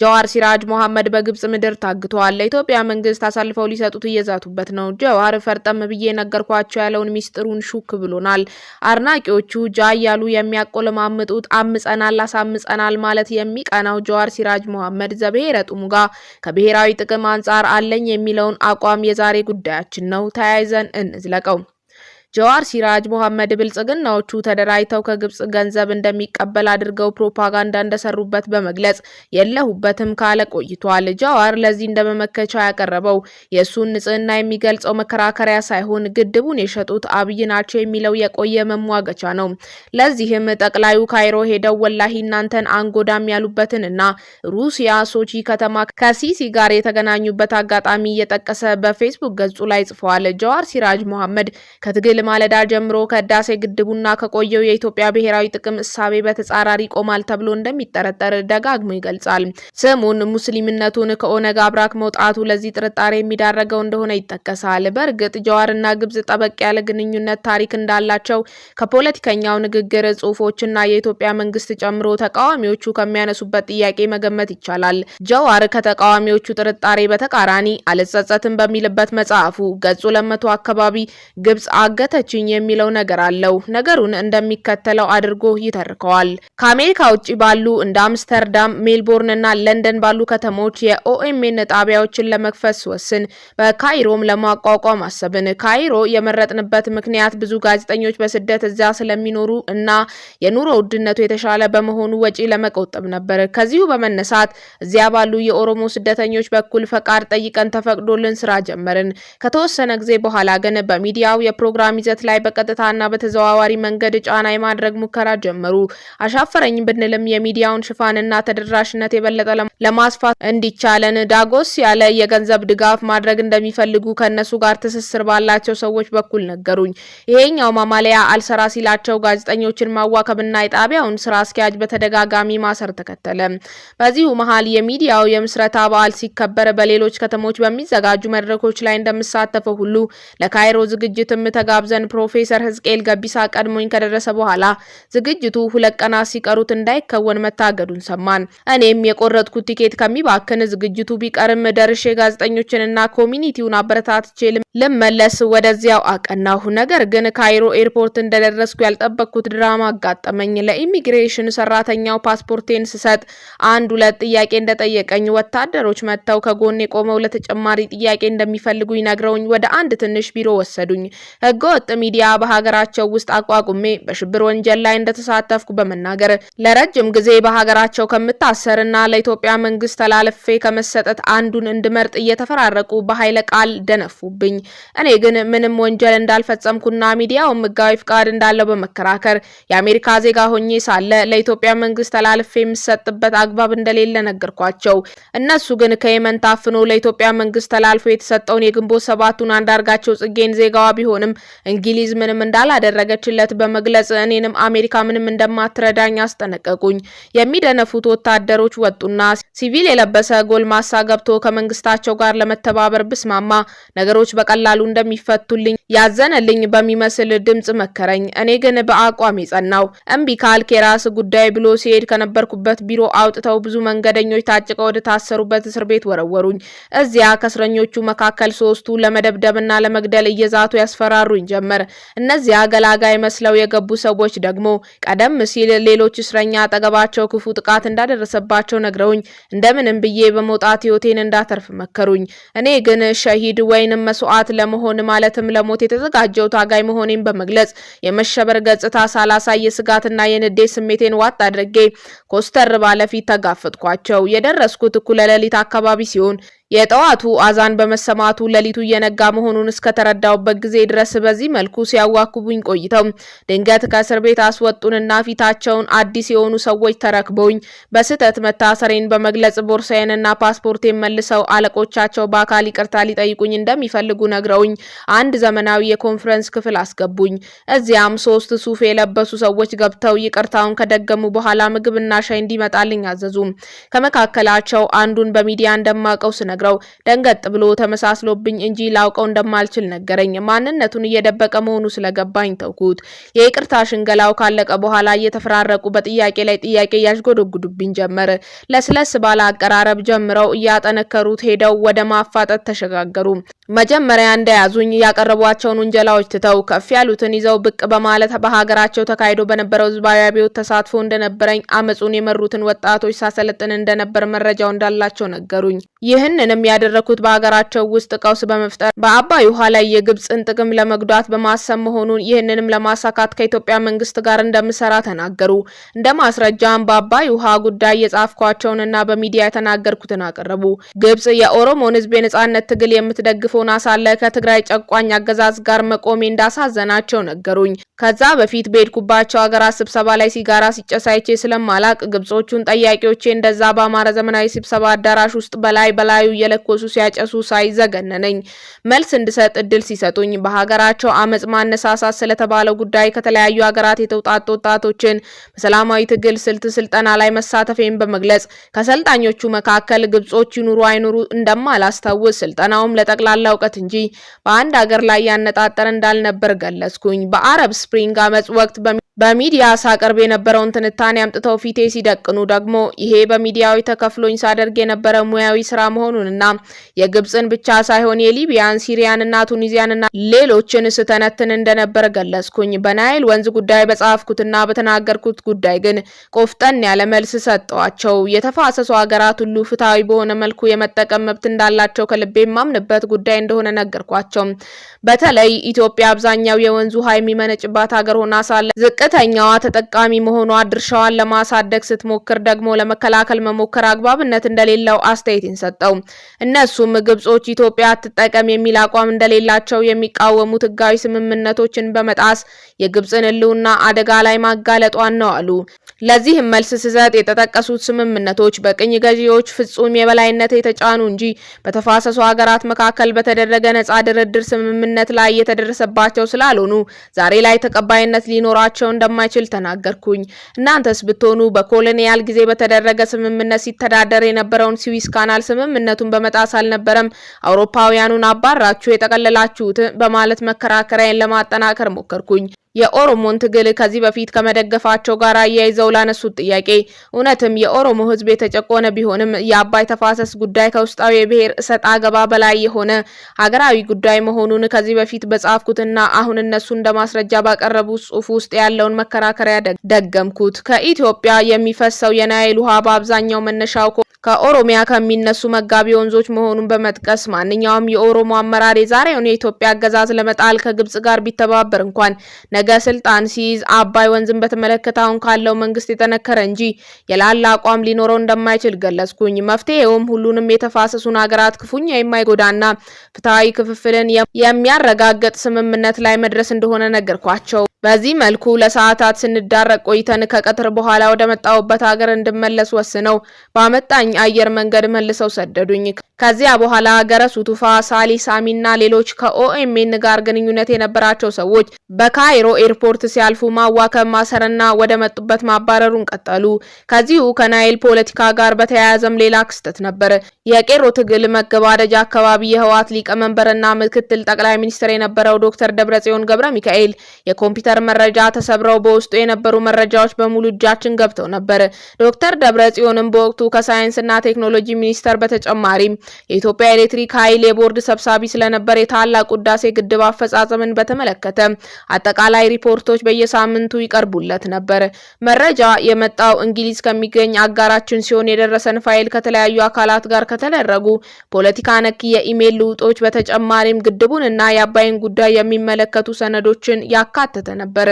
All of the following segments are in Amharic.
ጀዋር ሲራጅ ሞሐመድ በግብጽ ምድር ታግተዋል። ለኢትዮጵያ መንግስት አሳልፈው ሊሰጡት እየዛቱበት ነው። ጀዋር ፈርጠም ብዬ ነገርኳቸው ያለውን ሚስጥሩን ሹክ ብሎናል። አድናቂዎቹ ጃ እያሉ የሚያቆለማምጡት አምጸናል፣ አሳምጸናል ማለት የሚቀናው ጀዋር ሲራጅ ሞሐመድ ዘብሔረ ጥሙጋ ከብሔራዊ ጥቅም አንጻር አለኝ የሚለውን አቋም የዛሬ ጉዳያችን ነው። ተያይዘን እንዝለቀው። ጀዋር ሲራጅ ሞሐመድ ብልጽግናዎቹ ተደራጅተው ከግብጽ ገንዘብ እንደሚቀበል አድርገው ፕሮፓጋንዳ እንደሰሩበት በመግለጽ የለሁበትም ካለ ቆይቷል። ጀዋር ለዚህ እንደ መመከቻ ያቀረበው የእሱን ንጽህና የሚገልጸው መከራከሪያ ሳይሆን ግድቡን የሸጡት አብይ ናቸው የሚለው የቆየ መሟገቻ ነው። ለዚህም ጠቅላዩ ካይሮ ሄደው ወላሂ እናንተን አንጎዳም ያሉበትንና ሩሲያ ሶቺ ከተማ ከሲሲ ጋር የተገናኙበት አጋጣሚ እየጠቀሰ በፌስቡክ ገጹ ላይ ጽፏል። ጀዋር ሲራጅ ሞሐመድ ከትግል ኃይል ማለዳ ጀምሮ ከህዳሴ ግድቡና ከቆየው የኢትዮጵያ ብሔራዊ ጥቅም እሳቤ በተጻራሪ ይቆማል ተብሎ እንደሚጠረጠር ደጋግሞ ይገልጻል። ስሙን ሙስሊምነቱን ከኦነግ አብራክ መውጣቱ ለዚህ ጥርጣሬ የሚዳረገው እንደሆነ ይጠቀሳል። በእርግጥ ጀዋርና ግብጽ ጠበቅ ያለ ግንኙነት ታሪክ እንዳላቸው ከፖለቲከኛው ንግግር፣ ጽሁፎችና የኢትዮጵያ መንግስት ጨምሮ ተቃዋሚዎቹ ከሚያነሱበት ጥያቄ መገመት ይቻላል። ጀዋር ከተቃዋሚዎቹ ጥርጣሬ በተቃራኒ አልጸጸትም በሚልበት መጽሐፉ ገጹ ለመቶ አካባቢ ግብጽ አገ ገተችኝ የሚለው ነገር አለው። ነገሩን እንደሚከተለው አድርጎ ይተርከዋል። ከአሜሪካ ውጭ ባሉ እንደ አምስተርዳም፣ ሜልቦርን እና ለንደን ባሉ ከተሞች የኦኤምኤን ጣቢያዎችን ለመክፈት ስወስን በካይሮም ለማቋቋም አሰብን። ካይሮ የመረጥንበት ምክንያት ብዙ ጋዜጠኞች በስደት እዚያ ስለሚኖሩ እና የኑሮ ውድነቱ የተሻለ በመሆኑ ወጪ ለመቆጠብ ነበር። ከዚሁ በመነሳት እዚያ ባሉ የኦሮሞ ስደተኞች በኩል ፈቃድ ጠይቀን ተፈቅዶልን ስራ ጀመርን። ከተወሰነ ጊዜ በኋላ ግን በሚዲያው የፕሮግራም በፕሮግራም ይዘት ላይ በቀጥታና በተዘዋዋሪ መንገድ ጫና የማድረግ ሙከራ ጀመሩ። አሻፈረኝ ብንልም የሚዲያውን ሽፋንና ተደራሽነት የበለጠ ለማስፋት እንዲቻለን ዳጎስ ያለ የገንዘብ ድጋፍ ማድረግ እንደሚፈልጉ ከእነሱ ጋር ትስስር ባላቸው ሰዎች በኩል ነገሩኝ። ይሄኛው ማማለያ አልሰራ ሲላቸው ጋዜጠኞችን ማዋከብና የጣቢያውን ስራ አስኪያጅ በተደጋጋሚ ማሰር ተከተለ። በዚሁ መሀል የሚዲያው የምስረታ በዓል ሲከበር በሌሎች ከተሞች በሚዘጋጁ መድረኮች ላይ እንደምሳተፈው ሁሉ ለካይሮ ዝግጅትም ተጋብ ዘን ፕሮፌሰር ህዝቅኤል ገቢሳ ቀድሞኝ ከደረሰ በኋላ ዝግጅቱ ሁለት ቀናት ሲቀሩት እንዳይከወን መታገዱን ሰማን። እኔም የቆረጥኩት ቲኬት ከሚባክን ዝግጅቱ ቢቀርም ደርሼ ጋዜጠኞችንና ኮሚኒቲውን አበረታትቼ ልመለስ ወደዚያው አቀናሁ። ነገር ግን ካይሮ ኤርፖርት እንደደረስኩ ያልጠበቅኩት ድራማ አጋጠመኝ። ለኢሚግሬሽን ሰራተኛው ፓስፖርቴን ስሰጥ አንድ ሁለት ጥያቄ እንደጠየቀኝ ወታደሮች መጥተው ከጎን የቆመው ለተጨማሪ ጥያቄ እንደሚፈልጉ ይነግረውኝ ወደ አንድ ትንሽ ቢሮ ወሰዱኝ። ህገ ወጥ ሚዲያ በሀገራቸው ውስጥ አቋቁሜ በሽብር ወንጀል ላይ እንደተሳተፍኩ በመናገር ለረጅም ጊዜ በሀገራቸው ከምታሰርና ለኢትዮጵያ መንግስት ተላልፌ ከመሰጠት አንዱን እንድመርጥ እየተፈራረቁ በኃይለ ቃል ደነፉብኝ። እኔ ግን ምንም ወንጀል እንዳልፈጸምኩና ሚዲያውን ሕጋዊ ፍቃድ እንዳለው በመከራከር የአሜሪካ ዜጋ ሆኜ ሳለ ለኢትዮጵያ መንግስት ተላልፌ የምሰጥበት አግባብ እንደሌለ ነገርኳቸው። እነሱ ግን ከየመን ታፍኖ ለኢትዮጵያ መንግስት ተላልፎ የተሰጠውን የግንቦት ሰባቱን አንዳርጋቸው ጽጌን ዜጋዋ ቢሆንም እንግሊዝ ምንም እንዳላደረገችለት በመግለጽ እኔንም አሜሪካ ምንም እንደማትረዳኝ አስጠነቀቁኝ። የሚደነፉት ወታደሮች ወጡና ሲቪል የለበሰ ጎልማሳ ገብቶ ከመንግስታቸው ጋር ለመተባበር ብስማማ ነገሮች በቀላሉ እንደሚፈቱልኝ ያዘነልኝ በሚመስል ድምጽ መከረኝ። እኔ ግን በአቋም የጸናው እምቢ ካልክ የራስ ጉዳይ ብሎ ሲሄድ ከነበርኩበት ቢሮ አውጥተው ብዙ መንገደኞች ታጭቀው ወደ ታሰሩበት እስር ቤት ወረወሩኝ። እዚያ ከእስረኞቹ መካከል ሶስቱ ለመደብደብና ለመግደል እየዛቱ ያስፈራሩኝ ጀመር። እነዚያ ገላጋይ መስለው የገቡ ሰዎች ደግሞ ቀደም ሲል ሌሎች እስረኛ አጠገባቸው ክፉ ጥቃት እንዳደረሰባቸው ነግረውኝ እንደምንም ብዬ በመውጣት ህይወቴን እንዳተርፍ መከሩኝ። እኔ ግን ሸሂድ ወይንም መስዋዕት ለመሆን ማለትም ለሞት የተዘጋጀው ታጋይ መሆኔን በመግለጽ የመሸበር ገጽታ ሳላሳይ የስጋትና የንዴት ስሜቴን ዋጥ አድርጌ ኮስተር ባለፊት ተጋፈጥኳቸው። የደረስኩት እኩለ ሌሊት አካባቢ ሲሆን የጠዋቱ አዛን በመሰማቱ ሌሊቱ እየነጋ መሆኑን እስከተረዳውበት ጊዜ ድረስ በዚህ መልኩ ሲያዋክቡኝ ቆይተው ድንገት ከእስር ቤት አስወጡንና ፊታቸውን አዲስ የሆኑ ሰዎች ተረክበውኝ በስህተት መታሰሬን በመግለጽ ቦርሳዬንና ፓስፖርቴን መልሰው አለቆቻቸው በአካል ይቅርታ ሊጠይቁኝ እንደሚፈልጉ ነግረውኝ አንድ ዘመናዊ የኮንፈረንስ ክፍል አስገቡኝ። እዚያም ሶስት ሱፍ የለበሱ ሰዎች ገብተው ይቅርታውን ከደገሙ በኋላ ምግብና ሻይ እንዲመጣልኝ አዘዙ። ከመካከላቸው አንዱን በሚዲያ እንደማቀው ስነ ስነግረው ደንገጥ ብሎ ተመሳስሎብኝ እንጂ ላውቀው እንደማልችል ነገረኝ። ማንነቱን እየደበቀ መሆኑ ስለገባኝ ተውኩት። የይቅርታ ሽንገላው ካለቀ በኋላ እየተፈራረቁ በጥያቄ ላይ ጥያቄ እያሽጎደጉዱብኝ ጀመር። ለስለስ ባለ አቀራረብ ጀምረው እያጠነከሩት ሄደው ወደ ማፋጠጥ ተሸጋገሩ። መጀመሪያ እንደያዙኝ ያቀረቧቸውን ውንጀላዎች ትተው ከፍ ያሉትን ይዘው ብቅ በማለት በሀገራቸው ተካሂዶ በነበረው ህዝባዊ አብዮት ተሳትፎ እንደነበረኝ አመፁን የመሩትን ወጣቶች ሳሰለጥን እንደነበር መረጃው እንዳላቸው ነገሩኝ። ይህንን ይህንንም ያደረኩት በሀገራቸው ውስጥ ቀውስ በመፍጠር በአባይ ውሃ ላይ የግብፅን ጥቅም ለመጉዳት በማሰብ መሆኑን ይህንንም ለማሳካት ከኢትዮጵያ መንግስት ጋር እንደምሰራ ተናገሩ። እንደ ማስረጃም በአባይ ውሃ ጉዳይ የጻፍኳቸውንና በሚዲያ የተናገርኩትን አቀረቡ። ግብጽ የኦሮሞን ህዝብ የነጻነት ትግል የምትደግፈውን አሳለ ከትግራይ ጨቋኝ አገዛዝ ጋር መቆሜ እንዳሳዘናቸው ነገሩኝ። ከዛ በፊት በሄድኩባቸው ሀገራት ስብሰባ ላይ ሲጋራ ሲጨሳይቼ ስለማላቅ ግብጾቹን ጠያቂዎቼ እንደዛ በአማረ ዘመናዊ ስብሰባ አዳራሽ ውስጥ በላይ በላዩ እየለኮሱ ሲያጨሱ ሳይ ዘገነነኝ። መልስ እንድሰጥ እድል ሲሰጡኝ በሀገራቸው አመፅ ማነሳሳት ስለተባለው ጉዳይ ከተለያዩ ሀገራት የተውጣጡ ወጣቶችን በሰላማዊ ትግል ስልት ስልጠና ላይ መሳተፌን በመግለጽ ከሰልጣኞቹ መካከል ግብጾች ይኑሩ አይኑሩ እንደማላስታውስ ስልጠናውም ለጠቅላላ እውቀት እንጂ በአንድ ሀገር ላይ ያነጣጠረ እንዳልነበር ገለጽኩኝ። በአረብ ስፕሪንግ አመፅ ወቅት በሚ በሚዲያ ሳቀርብ የነበረውን ትንታኔ አምጥተው ፊቴ ሲደቅኑ ደግሞ ይሄ በሚዲያዊ ተከፍሎኝ ሳደርግ የነበረ ሙያዊ ስራ መሆኑንና የግብፅን ብቻ ሳይሆን የሊቢያን፣ ሲሪያንና ቱኒዚያንና ሌሎችን ስተነትን እንደነበር ገለጽኩኝ። በናይል ወንዝ ጉዳይ በጻፍኩትና በተናገርኩት ጉዳይ ግን ቆፍጠን ያለ መልስ ሰጠዋቸው። የተፋሰሱ ሀገራት ሁሉ ፍትሐዊ በሆነ መልኩ የመጠቀም መብት እንዳላቸው ከልቤ የማምንበት ጉዳይ እንደሆነ ነገርኳቸው። በተለይ ኢትዮጵያ አብዛኛው የወንዙ ውሃ የሚመነጭባት ሀገር ሆና ሳለ ስደተኛዋ ተጠቃሚ መሆኗ ድርሻዋን ለማሳደግ ስትሞክር ደግሞ ለመከላከል መሞከር አግባብነት እንደሌለው አስተያየትን ሰጠው። እነሱም ግብጾች ኢትዮጵያ አትጠቀም የሚል አቋም እንደሌላቸው የሚቃወሙት ህጋዊ ስምምነቶችን በመጣስ የግብጽን ህልውና አደጋ ላይ ማጋለጧን ነው አሉ። ለዚህም መልስ ስሰጥ የተጠቀሱት ስምምነቶች በቅኝ ገዢዎች ፍጹም የበላይነት የተጫኑ እንጂ በተፋሰሱ ሀገራት መካከል በተደረገ ነጻ ድርድር ስምምነት ላይ የተደረሰባቸው ስላልሆኑ ዛሬ ላይ ተቀባይነት ሊኖራቸው እንደማይችል ተናገርኩኝ። እናንተስ ብትሆኑ በኮሎኒያል ጊዜ በተደረገ ስምምነት ሲተዳደር የነበረውን ስዊስ ካናል ስምምነቱን በመጣስ አልነበረም አውሮፓውያኑን አባራችሁ የጠቀለላችሁት በማለት መከራከሪያን ለማጠናከር ሞከርኩኝ። የኦሮሞን ትግል ከዚህ በፊት ከመደገፋቸው ጋር አያይዘው ላነሱት ጥያቄ እውነትም የኦሮሞ ሕዝብ የተጨቆነ ቢሆንም የአባይ ተፋሰስ ጉዳይ ከውስጣዊ የብሔር እሰጥ አገባ በላይ የሆነ ሀገራዊ ጉዳይ መሆኑን ከዚህ በፊት በጻፍኩትና አሁን እነሱ እንደ ማስረጃ ባቀረቡት ጽሁፍ ውስጥ ያለውን መከራከሪያ ደገምኩት። ከኢትዮጵያ የሚፈሰው የናይል ውሃ በአብዛኛው መነሻው ከኦሮሚያ ከሚነሱ መጋቢ ወንዞች መሆኑን በመጥቀስ ማንኛውም የኦሮሞ አመራር የዛሬውን የኢትዮጵያ አገዛዝ ለመጣል ከግብጽ ጋር ቢተባበር እንኳን ነገ ስልጣን ሲይዝ አባይ ወንዝን በተመለከተ አሁን ካለው መንግስት የጠነከረ እንጂ የላላ አቋም ሊኖረው እንደማይችል ገለጽኩኝ። መፍትሄውም ሁሉንም የተፋሰሱን ሀገራት ክፉኛ የማይጎዳና ፍትሐዊ ክፍፍልን የሚያረጋግጥ ስምምነት ላይ መድረስ እንደሆነ ነገርኳቸው። በዚህ መልኩ ለሰዓታት ስንዳረቅ ቆይተን ከቀትር በኋላ ወደ መጣሁበት ሀገር እንድመለስ ወስነው በአመጣኝ አየር መንገድ መልሰው ሰደዱኝ። ከዚያ በኋላ ገረሱ ቱፋ፣ ሳሊ ሳሚና ሌሎች ከኦኤምኤን ጋር ግንኙነት የነበራቸው ሰዎች በካይሮ ኤርፖርት ሲያልፉ ማዋከብ፣ ማሰርና ወደ መጡበት ማባረሩን ቀጠሉ። ከዚሁ ከናይል ፖለቲካ ጋር በተያያዘም ሌላ ክስተት ነበር። የቄሮ ትግል መገባደጃ አካባቢ የህወሓት ሊቀመንበርና ምክትል ጠቅላይ ሚኒስትር የነበረው ዶክተር ደብረጽዮን ገብረ ሚካኤል የኮምፒ ሚኒስቴር መረጃ ተሰብረው በውስጡ የነበሩ መረጃዎች በሙሉ እጃችን ገብተው ነበር። ዶክተር ደብረ ጽዮንም በወቅቱ ከሳይንስና ቴክኖሎጂ ሚኒስቴር በተጨማሪም የኢትዮጵያ ኤሌክትሪክ ኃይል የቦርድ ሰብሳቢ ስለነበር የታላቁ ህዳሴ ግድብ አፈጻጸምን በተመለከተ አጠቃላይ ሪፖርቶች በየሳምንቱ ይቀርቡለት ነበር። መረጃ የመጣው እንግሊዝ ከሚገኝ አጋራችን ሲሆን የደረሰን ፋይል ከተለያዩ አካላት ጋር ከተደረጉ ፖለቲካ ነክ የኢሜይል ልውጦች በተጨማሪም ግድቡንና የአባይን ጉዳይ የሚመለከቱ ሰነዶችን ያካተተ ነበር።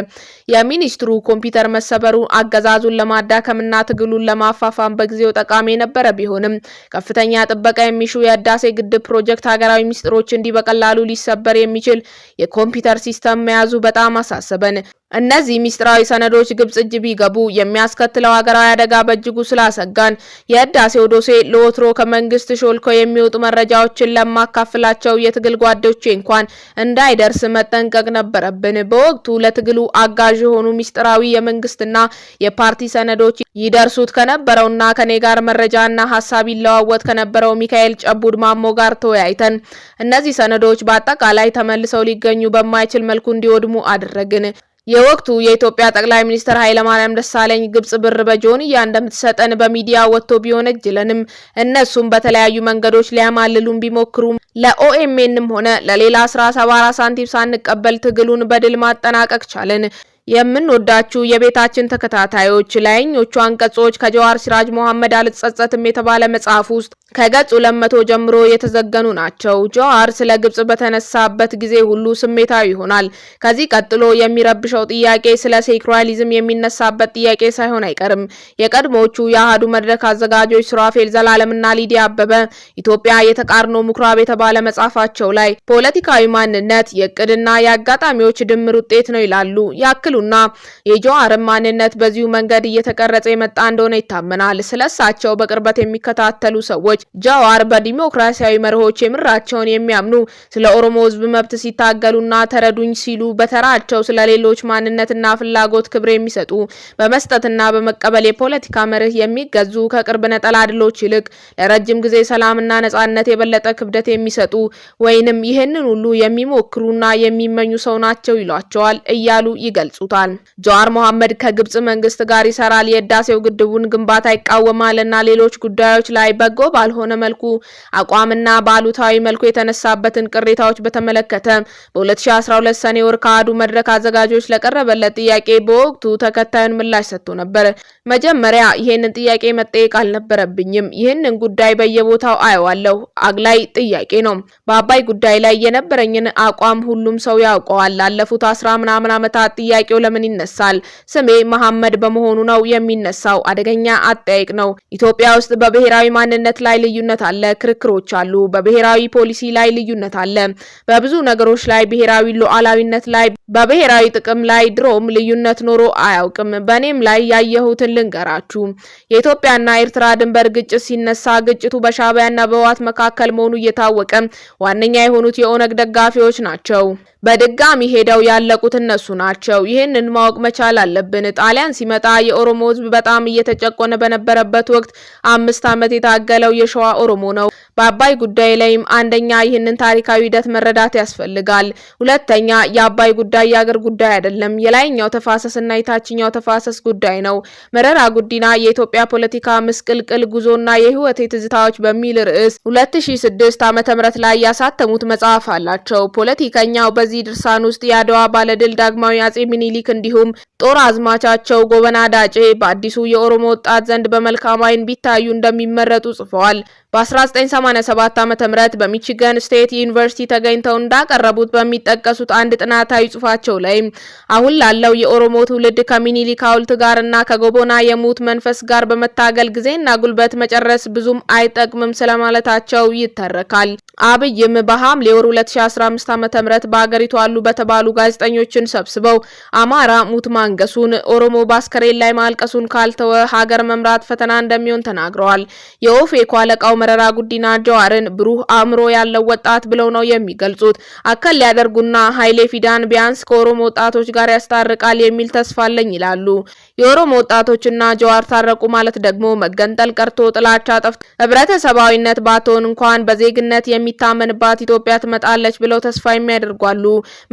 የሚኒስትሩ ኮምፒውተር መሰበሩ አገዛዙን ለማዳከምና ትግሉን ለማፋፋም በጊዜው ጠቃሚ የነበረ ቢሆንም ከፍተኛ ጥበቃ የሚሹ የህዳሴ ግድብ ፕሮጀክት ሀገራዊ ሚስጥሮች እንዲህ በቀላሉ ሊሰበር የሚችል የኮምፒውተር ሲስተም መያዙ በጣም አሳሰበን። እነዚህ ሚስጥራዊ ሰነዶች ግብጽ እጅ ቢገቡ የሚያስከትለው ሀገራዊ አደጋ በእጅጉ ስላሰጋን የህዳሴው ዶሴ ለወትሮ ከመንግስት ሾልኮ የሚወጡ መረጃዎችን ለማካፍላቸው የትግል ጓዶቼ እንኳን እንዳይደርስ መጠንቀቅ ነበረብን። በወቅቱ ለትግሉ አጋዥ የሆኑ ሚስጥራዊ የመንግስትና የፓርቲ ሰነዶች ይደርሱት ከነበረውና ከኔ ጋር መረጃና ሀሳብ ይለዋወጥ ከነበረው ሚካኤል ጨቡድ ማሞ ጋር ተወያይተን እነዚህ ሰነዶች በአጠቃላይ ተመልሰው ሊገኙ በማይችል መልኩ እንዲወድሙ አደረግን። የወቅቱ የኢትዮጵያ ጠቅላይ ሚኒስትር ኃይለማርያም ደሳለኝ ግብጽ ብር በጆንያ እንደምትሰጠን በሚዲያ ወጥቶ ቢወነጅለንም እነሱም በተለያዩ መንገዶች ሊያማልሉን ቢሞክሩም ለኦኤምኤንም ሆነ ለሌላ አስራ ሰባ አራት ሳንቲም ሳንቀበል ትግሉን በድል ማጠናቀቅ ቻለን። የምንወዳችሁ የቤታችን ተከታታዮች ላይኞቹ አንቀጾች ከጀዋር ሲራጅ መሐመድ አልጸጸትም የተባለ መጽሐፍ ውስጥ ከገጽ ሁለት መቶ ጀምሮ የተዘገኑ ናቸው። ጀዋር ስለ ግብጽ በተነሳበት ጊዜ ሁሉ ስሜታዊ ይሆናል። ከዚህ ቀጥሎ የሚረብሸው ጥያቄ ስለ ሴክራሊዝም የሚነሳበት ጥያቄ ሳይሆን አይቀርም። የቀድሞቹ የአህዱ መድረክ አዘጋጆች ሱራፌል ዘላለምና ሊዲያ አበበ ኢትዮጵያ የተቃርኖ ምኩራብ የተባለ መጽሐፋቸው ላይ ፖለቲካዊ ማንነት የእቅድና የአጋጣሚዎች ድምር ውጤት ነው ይላሉ ያክል ኃይሉና የጀዋርን ማንነት በዚሁ መንገድ እየተቀረጸ የመጣ እንደሆነ ይታመናል። ስለሳቸው በቅርበት የሚከታተሉ ሰዎች ጀዋር በዲሞክራሲያዊ መርሆች የምራቸውን የሚያምኑ ስለ ኦሮሞ ህዝብ መብት ሲታገሉና ተረዱኝ ሲሉ በተራቸው ስለ ሌሎች ማንነትና ፍላጎት ክብር የሚሰጡ በመስጠትና በመቀበል የፖለቲካ መርህ የሚገዙ ከቅርብ ነጠላ ድሎች ይልቅ ለረጅም ጊዜ ሰላምና ነጻነት የበለጠ ክብደት የሚሰጡ ወይንም ይህንን ሁሉ የሚሞክሩና የሚመኙ ሰው ናቸው ይሏቸዋል እያሉ ይገልጹ ያወጡታል። ጀዋር መሐመድ ከግብጽ መንግስት ጋር ይሰራል፣ የህዳሴው ግድቡን ግንባታ ይቃወማል እና ሌሎች ጉዳዮች ላይ በጎ ባልሆነ መልኩ አቋምና በአሉታዊ መልኩ የተነሳበትን ቅሬታዎች በተመለከተ በ2012 ሰኔ ወር ከአዱ መድረክ አዘጋጆች ለቀረበለት ጥያቄ በወቅቱ ተከታዩን ምላሽ ሰጥቶ ነበር። መጀመሪያ ይህንን ጥያቄ መጠየቅ አልነበረብኝም። ይህንን ጉዳይ በየቦታው አየዋለሁ። አግላይ ጥያቄ ነው። በአባይ ጉዳይ ላይ የነበረኝን አቋም ሁሉም ሰው ያውቀዋል። ላለፉት አስራ ምናምን ዓመታት ጥያቄ ጥያቄው ለምን ይነሳል? ስሜ መሐመድ በመሆኑ ነው የሚነሳው። አደገኛ አጠያይቅ ነው። ኢትዮጵያ ውስጥ በብሔራዊ ማንነት ላይ ልዩነት አለ፣ ክርክሮች አሉ። በብሔራዊ ፖሊሲ ላይ ልዩነት አለ፣ በብዙ ነገሮች ላይ ብሔራዊ ሉዓላዊነት ላይ በብሔራዊ ጥቅም ላይ ድሮም ልዩነት ኖሮ አያውቅም። በእኔም ላይ ያየሁትን ልንገራችሁ። የኢትዮጵያና ኤርትራ ድንበር ግጭት ሲነሳ ግጭቱ በሻዕቢያና በህወሓት መካከል መሆኑ እየታወቀ ዋነኛ የሆኑት የኦነግ ደጋፊዎች ናቸው። በድጋሚ ሄደው ያለቁት እነሱ ናቸው። ይህ ይህንን ማወቅ መቻል አለብን። ጣሊያን ሲመጣ የኦሮሞ ህዝብ በጣም እየተጨቆነ በነበረበት ወቅት አምስት ዓመት የታገለው የሸዋ ኦሮሞ ነው። በአባይ ጉዳይ ላይም አንደኛ ይህንን ታሪካዊ ሂደት መረዳት ያስፈልጋል። ሁለተኛ የአባይ ጉዳይ የአገር ጉዳይ አይደለም፣ የላይኛው እና የታችኛው ተፋሰስ ጉዳይ ነው። መረራ ጉዲና የኢትዮጵያ ፖለቲካ ምስቅልቅል ጉዞና የህይወት ትዝታዎች በሚል ርዕስ 2006 ዓ.ም ላይ ያሳተሙት መጽሐፍ አላቸው። ፖለቲከኛው በዚህ ድርሳን ውስጥ የአድዋ ባለድል ዳግማዊ አጼ ሚኒሊክ እንዲሁም ጦር አዝማቻቸው ጎበና ዳጬ በአዲሱ የኦሮሞ ወጣት ዘንድ በመልካም አይን ቢታዩ እንደሚመረጡ ጽፈዋል። በ1987 ዓ.ም በሚቺጋን ስቴት ዩኒቨርሲቲ ተገኝተው እንዳቀረቡት በሚጠቀሱት አንድ ጥናታዊ ጽሑፋቸው ላይ አሁን ላለው የኦሮሞ ትውልድ ከሚኒሊክ ሀውልት ጋር እና ከጎቦና የሙት መንፈስ ጋር በመታገል ጊዜና ጉልበት መጨረስ ብዙም አይጠቅምም ስለማለታቸው ይተረካል። አብይም በሐምሌ ወር 2015 ዓ.ም በአገሪቱ አሉ በተባሉ ጋዜጠኞችን ሰብስበው አማራ ሙት ማንገሱን፣ ኦሮሞ ባስከሬን ላይ ማልቀሱን ካልተወ ሀገር መምራት ፈተና እንደሚሆን ተናግረዋል። የኦፌኮ አለቃው መረራ ጉዲና ጀዋርን ብሩህ አእምሮ ያለው ወጣት ብለው ነው የሚገልጹት። አከል ሊያደርጉና ኃይሌ ፊዳን ቢያንስ ከኦሮሞ ወጣቶች ጋር ያስታርቃል የሚል ተስፋ አለኝ ይላሉ። የኦሮሞ ወጣቶችና ጀዋር ታረቁ ማለት ደግሞ መገንጠል ቀርቶ ጥላቻ ጠፍቶ ህብረተሰባዊነት ባትሆን እንኳን በዜግነት የሚታመንባት ኢትዮጵያ ትመጣለች ብለው ተስፋ የሚያደርጓሉ።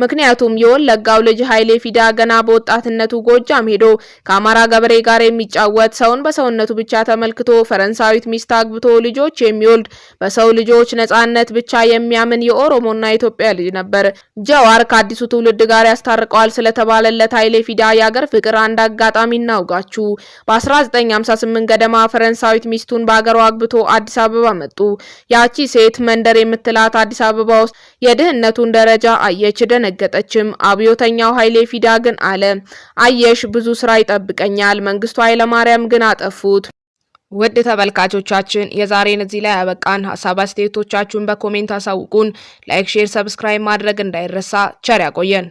ምክንያቱም የወለጋው ልጅ ኃይሌ ፊዳ ገና በወጣትነቱ ጎጃም ሄዶ ከአማራ ገበሬ ጋር የሚጫወት ሰውን በሰውነቱ ብቻ ተመልክቶ ፈረንሳዊት ሚስት አግብቶ ልጆች የሚወልድ በሰው ልጆች ነጻነት ብቻ የሚያምን የኦሮሞና ኢትዮጵያ ልጅ ነበር። ጀዋር ከአዲሱ ትውልድ ጋር ያስታርቀዋል ስለተባለለት ኃይሌ ፊዳ የአገር ፍቅር አንድ አጋጣሚ እናውጋችሁ። በ1958 ገደማ ፈረንሳዊት ሚስቱን በአገሯ አግብቶ አዲስ አበባ መጡ። ያቺ ሴት መንደር የምትላት አዲስ አበባ ውስጥ የድህነቱን ደረጃ አየች፣ ደነገጠችም። አብዮተኛው ኃይሌ ፊዳ ግን አለ አየሽ ብዙ ስራ ይጠብቀኛል። መንግስቱ ኃይለማርያም ግን አጠፉት። ውድ ተመልካቾቻችን የዛሬን እዚህ ላይ ያበቃን። ሀሳብ አስተያየቶቻችሁን በኮሜንት አሳውቁን። ላይክ፣ ሼር፣ ሰብስክራይብ ማድረግ እንዳይረሳ። ቸር ያቆየን።